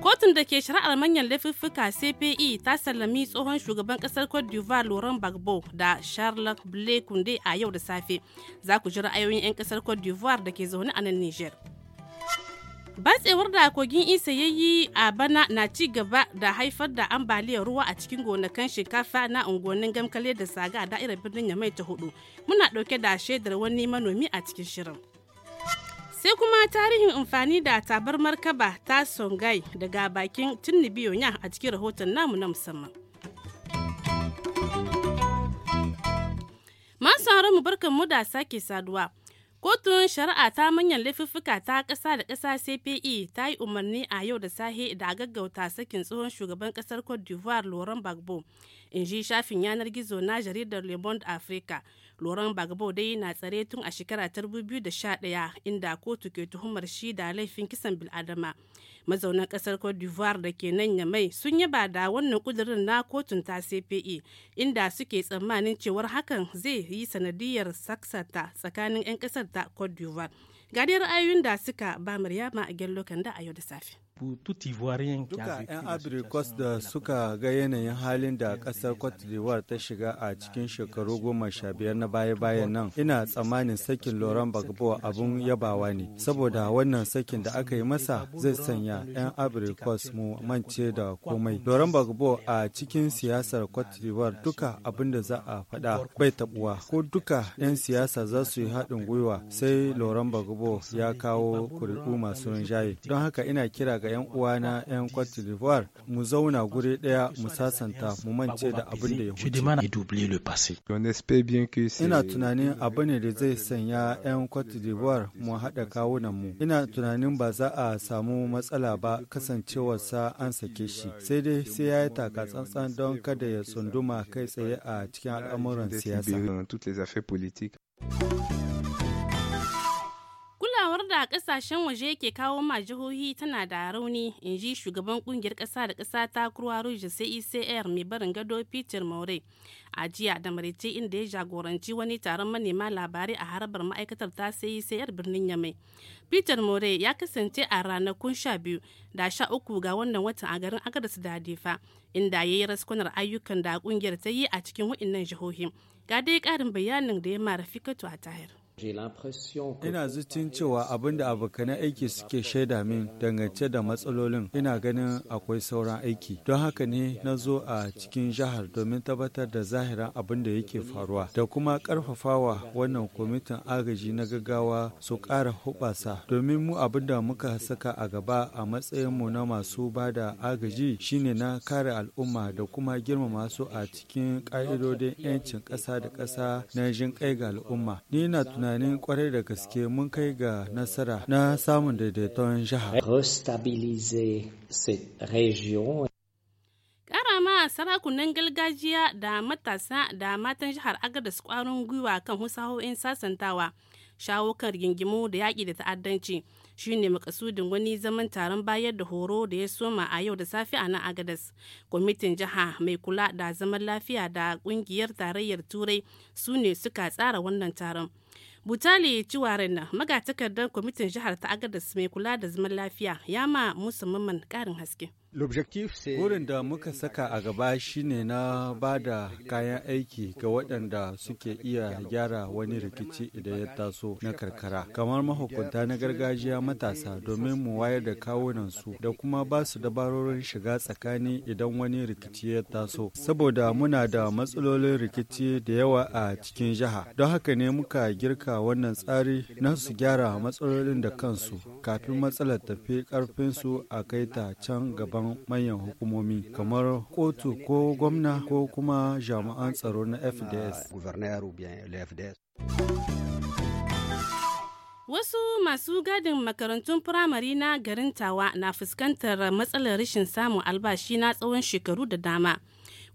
kotun da ke shari'ar manyan laifuffuka cpe ta sallami tsohon shugaban kasar cote d'ivoire laurent gbagbo da charles blake a yau da safe za ku ji ra'ayoyin 'yan kasar cote d'ivoire da ke zaune a nan niger batsewar da kogin isa ya yi a bana na ci gaba da haifar da ambaliyar ruwa a cikin gonakan shinkafa na unguwannin gamkale da saga a da'irar birnin yamai ta hudu muna dauke da shaidar wani manomi a cikin shirin sai kuma tarihin amfani da tabar markaba ta songai daga bakin tunnibiyonya a cikin rahoton namu na musamman masu mu barkan mu da sake saduwa kotun shari'a ta manyan laifuffuka ta ƙasa da ƙasa cpe ta yi umarni a yau da sahe da gaggauta sakin tsohon shugaban ƙasar cote d'ivoire laurent gbagbo in ji shafin yanar gizo na jaridar le monde africa loran bagbo dai na tsare tun a shekara ta 2011 inda kotu ke tuhumar shi da laifin kisan biladama mazaunan kasar cote d'ivoire da ke nan yamai sun yaba da wannan kudirin na kotun ta cpe inda suke tsammanin cewar hakan zai yi sanadiyar saksata tsakanin 'yan kasar ta cote d'ivoire ga ra'ayoyin da suka ba maryama a gello kanda a yau da safe Duka 'yan Abirikos da suka ga yanayin halin da ƙasar Cote d'Ivoire ta shiga a cikin shekaru goma sha biyar na baya-bayan nan, ina tsammanin sakin Laurent Gbagbo abun yabawa ne, saboda wannan sakin da aka yi masa zai sanya 'yan Abirikos mu mance da komai. Laurent Gbagbo a cikin siyasar Cote d'Ivoire duka abin da za a faɗa bai tabuwa ko duka 'yan siyasa za su yi haɗin gwiwa sai Laurent Gbagbo ya kawo kuri'u masu rinjaye. Don haka ina kira ga 'yan uwana 'yan Cote d'Ivoire mu zauna guri daya mu sasanta mu mance da abin da ya huce. Ina tunanin abu ne da zai sanya 'yan Cote d'Ivoire mu haɗa kawunan mu. Ina tunanin ba za a samu matsala ba kasancewarsa an sake shi. Sai dai sai ya yi taka tsantsan don kada ya tsunduma kai tsaye a cikin al'amuran siyasa. a kasashen waje yake kawo ma jihohi tana da rauni in ji shugaban kungiyar ƙasa da kasa ta kurwa sai cecr mai barin gado peter maure a jiya da marice inda ya jagoranci wani taron manema labarai a harabar ma'aikatar ta sai e cecr birnin yamai peter maure ya kasance a ranakun sha biyu da sha uku ga wannan watan a garin agadas da hadifa inda ya yi raskunar ayyukan da kungiyar ta yi a cikin waɗannan jihohi ga dai karin bayanin da ya mara fikatu a tahir Ina zucin cewa abin da abokanan aiki suke shaida min dangance da matsalolin ina ganin akwai sauran aiki. Don haka ne na zo a cikin jihar domin tabbatar da zahiran abin da yake faruwa da kuma karfafawa wannan kwamitin agaji na gaggawa su ƙara hubasa domin mu abin da muka saka a gaba a matsayinmu na masu ba da agaji shine na kare al'umma da kuma girmama su a cikin ƙa'idodin 'yancin ƙasa da ƙasa na jin ƙai ga al'umma. Ni na tunani tunani kwarai da gaske mun kai ga nasara na samun daidaiton jiha. Kara ma sarakunan gargajiya da matasa da matan jihar Agadas kwarin gwiwa kan husaho'in sasantawa, shawo kan gingimu da yaƙi da ta'addanci shi ne makasudin wani zaman taron bayar da horo da ya soma a yau da safe a nan Agadas. Kwamitin jiha mai kula da zaman lafiya da ƙungiyar tarayyar Turai su ne suka tsara wannan taron. butali ciwarin nan magatakardar kwamitin jihar ta su mai kula da zaman lafiya ya ma musamman karin haske Burin da muka saka a gaba shine na ba da kayan aiki ga waɗanda suke iya gyara wani rikici idan ya taso na karkara, kamar mahukunta na gargajiya matasa domin mu wayar da kawunan su, da kuma ba su dabarorin shiga tsakani idan wani rikici ya taso. Saboda muna da matsalolin rikici da yawa a cikin jiha, don haka ne muka girka wannan tsari na su gyara matsalolin da kansu kafin matsalar tafi ƙarfinsu a kai ta can gaba? zaben manyan hukumomi kamar kotu ko gwamna ko kuma jami'an tsaro na fds Wasu masu gadin makarantun firamare na garin Tawa na fuskantar matsalar rashin samun albashi na tsawon shekaru da dama.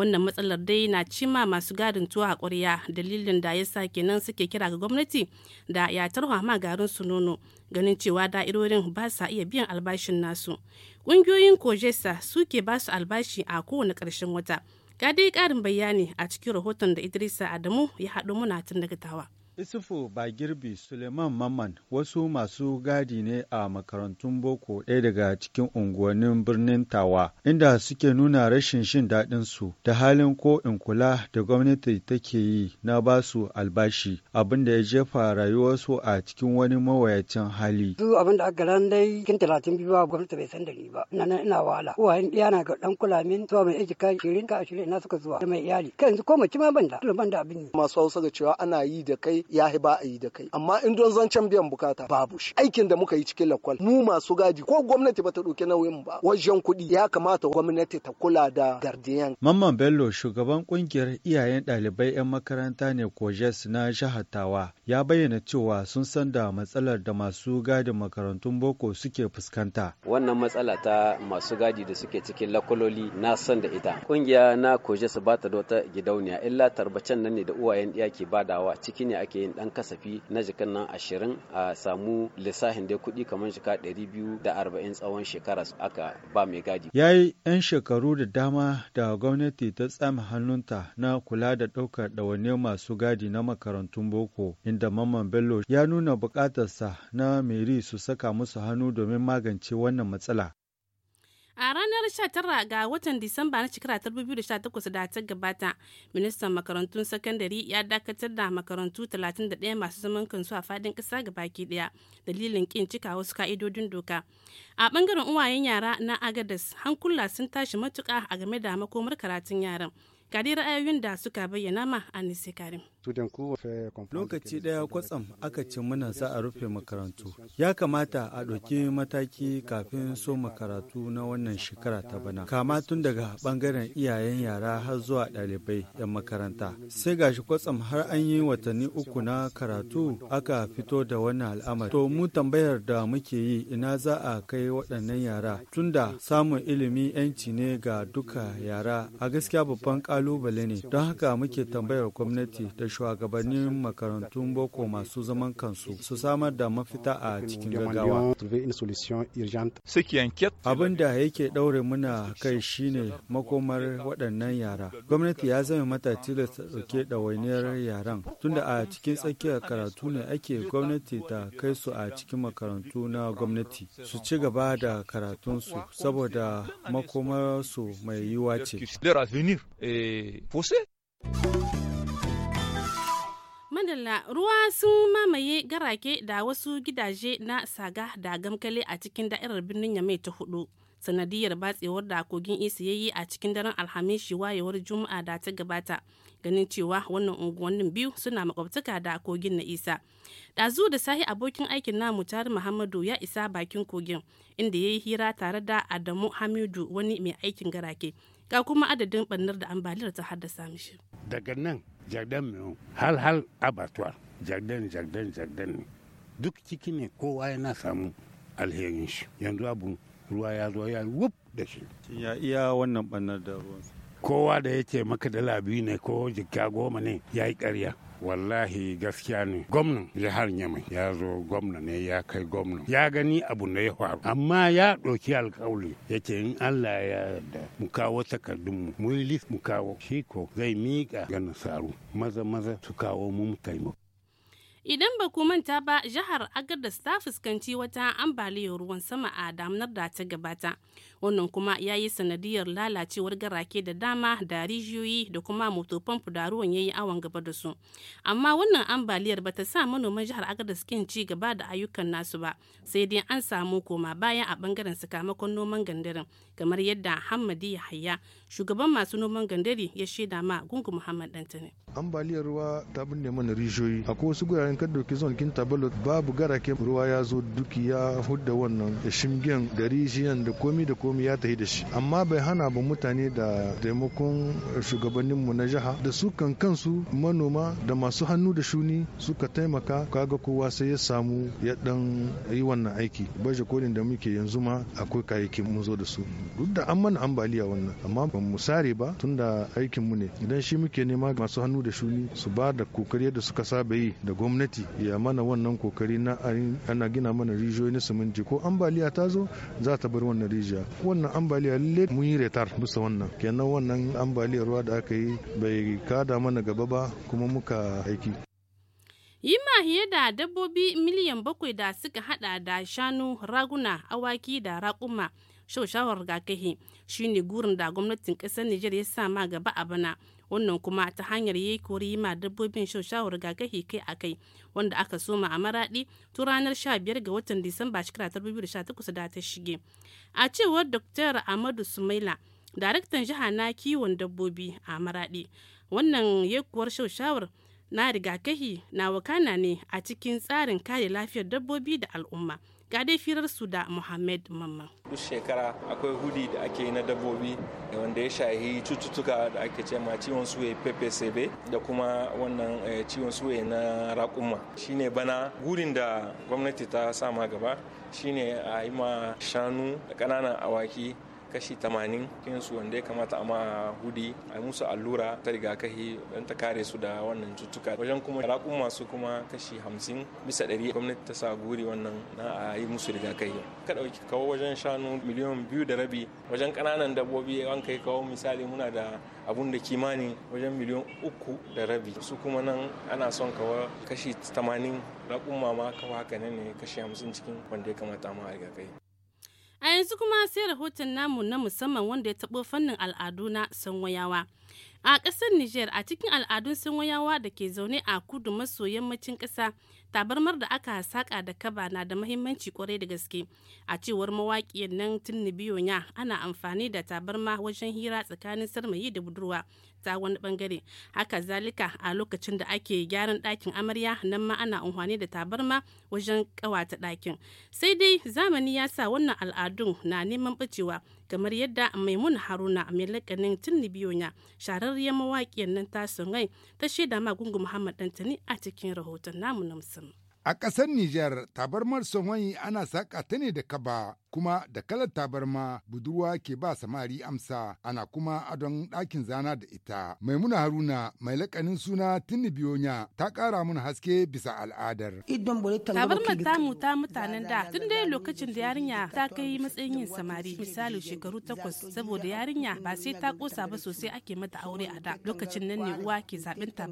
wannan matsalar dai na cima masu gadin tuwa a ƙwarya dalilin da ya sa kenan suke kira ga gwamnati da ya tarwa ma garin su nono ganin cewa da'irorin ba sa iya biyan albashin nasu ƙungiyoyin kojesa suke ba su albashi a kowane ƙarshen wata ga dai ƙarin bayani a cikin rahoton da idrisa adamu ya haɗo muna tun daga tawa Isufu ba girbi. Suleiman Mamman wasu masu gadi ne a makarantun boko ɗaya daga cikin unguwannin birnin Tawa, inda suke nuna rashin shin daɗin su da halin ko in kula da gwamnati take yi na basu albashi, abin da ya jefa rayuwarsu a cikin wani mawayacin hali. Su abin da aka ran dai kin talatin biyu ba gwamnati bai san da ni ba, ina ina wahala. Uwayen ɗiya na ga ɗan kula min zuwa mai shirin da mai iyali. Kai yanzu ko mace ban da, ban da abin Masu hausa ga cewa ana yi da kai ya ba a yi da kai amma in don zancen biyan bukata babu shi aikin da muka yi cikin lakwal mu masu gadi ko gwamnati ba ta ɗauki nauyin ba wajen kuɗi ya kamata gwamnati ta kula da gardiyan. Mamman Bello shugaban kungiyar iyayen ɗalibai 'yan makaranta ne Kojes na shahatawa ya bayyana cewa sun san da matsalar da masu gadi makarantun boko suke fuskanta. Wannan matsala ta masu gadi da suke cikin lakwaloli na san da ita. Kungiya na Kojes ba ta da wata gidauniya illa tarbacen nan ne da uwayen iyaki ke badawa ciki ne ake yin dan kasafi na jikin nan ashirin a samu lissafin da kuɗi kamar jika ɗari biyu da arba'in tsawon shekara su aka ba mai gadi. Ya yi 'yan shekaru da dama da gwamnati ta tsama hannunta na kula da ɗaukar ɗawane masu gadi na makarantun boko inda Mamman Bello ya nuna buƙatarsa na Meri su saka musu hannu domin magance wannan matsala. A ranar 19 ga watan Disamba na shekara 2018 da ta gabata, ministan makarantun sakandare ya dakatar da makarantu 31 masu zaman kansu a fadin kasa baki daya dalilin kin cika wasu ka'idodin doka. A bangaren uwayen yara na Agadas, hankula sun tashi matuka a game da makomar karatun yaran. Ga ra'ayoyin da suka bayyana ma Anise Karim. Lokaci ɗaya kwatsam aka ce muna za a rufe makarantu. Ya kamata a ɗauki mataki kafin so makaratu na wannan shekara ta bana. Kama tun daga ɓangaren iyayen yara har zuwa ɗalibai 'yan makaranta. Sai gashi kwatsam har an yi watanni uku na karatu aka fito da wannan al'amari. To mu tambayar da muke yi ina za a kai waɗannan yara tun da samun ilimi 'yanci ne ga duka yara a gaskiya babban ƙalubale ne. Don haka muke tambayar gwamnati da shugabannin makarantun boko masu zaman kansu su samar da mafita a cikin gaggawa. Abin da yake ɗaure muna kai shine makomar waɗannan yara. Gwamnati ya zama mata ta ɗauke ɗawainiyar yaran tunda a cikin tsakiyar karatu ne ake gwamnati ta kai su a cikin makarantu na gwamnati su ci gaba da karatunsu saboda makomarsu mai yiwa ce. Madalla ruwa sun mamaye garake da wasu gidaje na saga da gamkale a cikin da'irar birnin Yamai ta hudu. Sanadiyar batsewar da kogin isa yayi a cikin daren alhamishi wayewar juma'a da ta gabata. Ganin cewa wannan unguwannin biyu suna makwabtaka da kogin na isa. dazu da sahi abokin aikin namu tare Muhammadu ya isa bakin kogin inda ya yi hira tare da Adamu Hamidu wani mai aikin garake. ga kuma adadin bannar da ambaliyar ta haddasa mishi daga nan jardin mai hal hal abatuwa jardin jardin jardin ne duk ciki ne kowa yana samu alherin shi yanzu abu ruwa ya zo ya wuf da shi ya iya wannan bannar da ruwan kowa da ya ce maka da biyu ne ko jikka goma ne ya yi karya wallahi gaskiya ne gwamnan jihar nyamai ya zo gwamna ne ya kai gwamna ya gani abu na ya faru amma ya ɗauki alkawali yake in allah ya yarda mu kawo takardunmu mu yi list mu kawo shi ko zai miƙa ga nasaru maza maza su kawo mu taimako Idan ba ku manta ba jihar Agadas ta fuskanci wata ambaliyar ruwan sama a daminar da ta gabata. Wannan kuma ya yi sanadiyar lalacewar garake da dama da rijiyoyi da kuma motofan da ruwan ya yi awon gaba da su. Amma wannan ambaliyar ba ta sa manoman jihar Agadas kin ci gaba da ayyukan nasu ba, sai dai an samu koma baya a bangaren sakamakon noman gandarin kamar yadda ya Yahaya shugaban masu noman gandari ya shaida ma gungu Muhammad Dantane. Ambaliyar ruwa ta binne mana rijiyoyi. Akwai wasu guraren ka dauki zon kin tabalo babu ke ruwa ya zo duk ya hudda wannan shingen da rijiyan da komi da komi ya tafi da shi amma bai hana ba mutane da taimakon shugabanninmu na jiha da su kan kansu manoma da masu hannu da shuni suka taimaka kaga kowa sai ya samu ya dan yi wannan aiki baje kolin da muke yanzu ma akwai kayayyakin mun zo da su duk da an mana ambaliya wannan amma ba mu sare ba tunda aikin mu ne idan shi muke nema masu hannu da shuni su ba da kokari da suka saba yi da gwamnati gwamnati ya mana wannan kokari na ana gina mana rijiyoyi na siminti ko ambaliya ta zo za ta bar wannan rijiya wannan ambaliya lalle mun yi retar bisa wannan kenan wannan ambaliyar ruwa da aka yi bai kada mana gaba ba kuma muka aiki yi ma mahiye da dabbobi miliyan bakwai da suka hada da shanu raguna awaki da raƙuma shaushawar rigakahi shine gurin da gwamnatin ƙasar nijar ya sa ma gaba a bana wannan kuma ta hanyar yi kori ma dabbobin shaushawar gagahi kai a kai wanda aka soma a maraɗi tun ranar 15 ga watan disamba shekara 2018 da ta shige a cewar dr amadu sumaila daraktan jiha na kiwon dabbobi a maraɗi wannan yekuwar shawar. na rigakahi na wakana ne a cikin tsarin kare lafiyar dabbobi da al'umma ga dai firar su da Muhammad Mamman. Duk shekara akwai hudi da ake yi na dabbobi wanda ya shahi cututtuka da ake ce ma ciwon suwe PPCB da kuma wannan eh, ciwon suwe na rakuma Shine bana gurin da gwamnati ta sama gaba shine a yi ma shanu da ƙananan awaki kashi 80 kinsu wanda ya kamata a ma hudi a musu allura ta rigakafi don ta kare su da wannan cutuka wajen kuma raƙun masu kuma kashi 50 bisa 100 gwamnati ta sa guri wannan na a yi musu rigakafi ka ɗauki kawo wajen shanu miliyan biyu da rabi wajen ƙananan dabbobi an kai kawo misali muna da abun da kimani wajen miliyan uku da rabi su kuma nan ana son kawo kashi 80 raƙun mama kawo haka ne kashi 50 cikin wanda ya kamata ma a rigakafi A yanzu kuma sai rahoton namu na musamman wanda ya taɓo fannin al'adu na Sanwayawa. a ƙasar niger a cikin al'adun sanwayawa da ke zaune a kudu maso yammacin ƙasa tabarmar da aka saƙa da kaba na da mahimmanci kwarai da gaske a cewar mawaƙiyar nan tunni biyonya ana amfani da tabarma wajen hira tsakanin sarmayi da budurwa ta wani bangare haka zalika a lokacin da ake gyaran ɗakin amarya nan ma ana amfani da tabarma wajen ƙawata ɗakin sai dai zamani ya sa wannan al'adun na neman bacewa kamar yadda maimun haruna mai lakanin tunni biyonya shararriyar mawaƙiyar nan ta sungai ta shaida ma gungu muhammad dantani a cikin rahoton namu na musamman a ƙasar niger tabarmar sonwai ana saƙa ta ne da kaba kuma da kalar tabarma budurwa ke ba samari amsa ana kuma adon ɗakin zana da ita. mai Maimuna Haruna mai lakanin suna tuni Biyonya ta ƙara mun haske bisa al'adar. Tabarmar tamu ta mutanen da tun dai lokacin da yarinya ta kai matsayin yin samari misali shekaru takwas saboda yarinya ba sai ta kosa ba sosai ake mata aure a da lokacin nan ne uwa ke zaɓin ta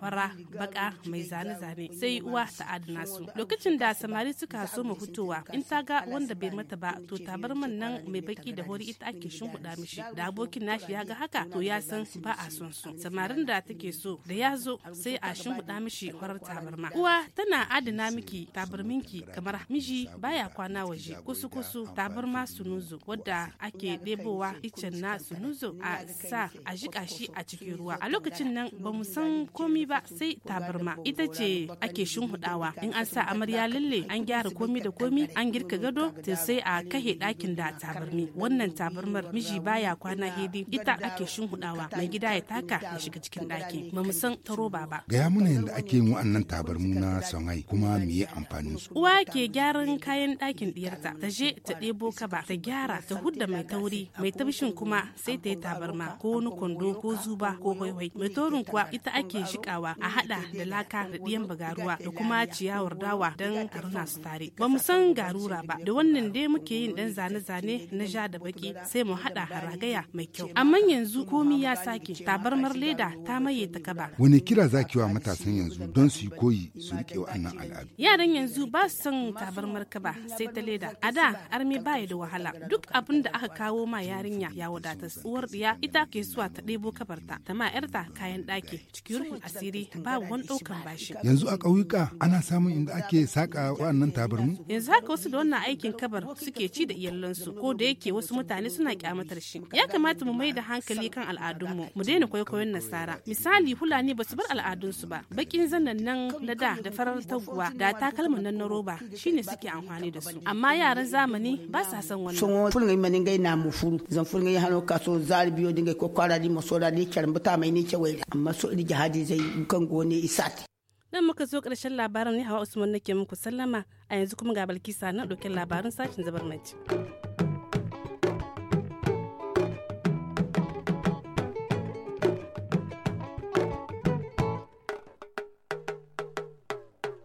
fara baka mai zane-zane sai uwa ta adana su lokacin da samari suka so mu fitowa in ta ga wanda bai mata ba to tabarman nan mai baki da hori ita ake shimfiɗa mishi da abokin nashi ya ga haka to ya san ba a son su samarin da take so da ya zo sai a shimfiɗa mishi horar tabarma uwa tana adana miki tabarminki kamar miji baya kwana waje kusu kusu tabarma sunuzo wadda ake ɗebowa icen na sunuzo a sa a jiƙa shi a cikin ruwa a lokacin nan ba mu san komi ba sai tabarma ita ce ake shimfiɗawa in an sa amarya lalle an gyara komi da komi an girka gado sai a kahe ɗakin da tabarmi wannan tabarmar miji baya kwana hedi ita ake hudawa mai gida ya taka ya shiga cikin ɗaki ba mu san ta roba ba. Gaya mana yanda ake yin wa'annan tabarmu na sonai kuma me ya amfanin su. Uwa ke gyaran kayan ɗakin diyarta. ta je ta ɗebo kaba ta gyara ta hudda mai tauri mai tabishin kuma sai ta yi tabarma ko wani kwando ko zuba ko waiwai mai taurin kuwa ita ake shikawa a haɗa da laka da ɗiyan bagaruwa da kuma ciyawar dawa don a runa su tare. Ba mu san garura ba da wannan dai muke yin dan zane-zane na ja da baki sai mu haɗa haragaya mai kyau amma yanzu komi ya sake tabarmar leda ta maye ta kaba wani kira zaki wa matasan yanzu don su koyi su rike wannan al'adu yaran yanzu ba su son tabarmar kaba sai ta leda a da armi baya da wahala duk abin da aka kawo ma yarinya ya wadata uwar diya ita ke suwa ta debo kabarta ta ma yarta kayan ɗaki cikin rufin asiri ba wani ɗaukan bashi yanzu a ƙauyuka ana samun inda ake saka wa'annan tabarmu yanzu haka wasu da wannan aikin kabar suke ci da iyalansu ko da yake wasu mutane suna kyamatar shi ya kamata mu mai da hankali kan al'adunmu mu daina kwaikwayon nasara misali fulani ba su bar al'adunsu ba bakin zannan nan na da da farar taguwa da takalma nan na roba shine suke amfani da su amma yaran zamani ba sa son wannan sun fulga manin gai na mu furu zan fulga ya hano kaso zari biyo dinga ko kwara di maso di ni kyar ne ni ke waira amma so iri jihadi zai kan gone isat nan muka zo ƙarshen labaran ne hawa usman nake muku sallama a yanzu kuma ga balkisa na ɗauke labarin sashen zabarmanci.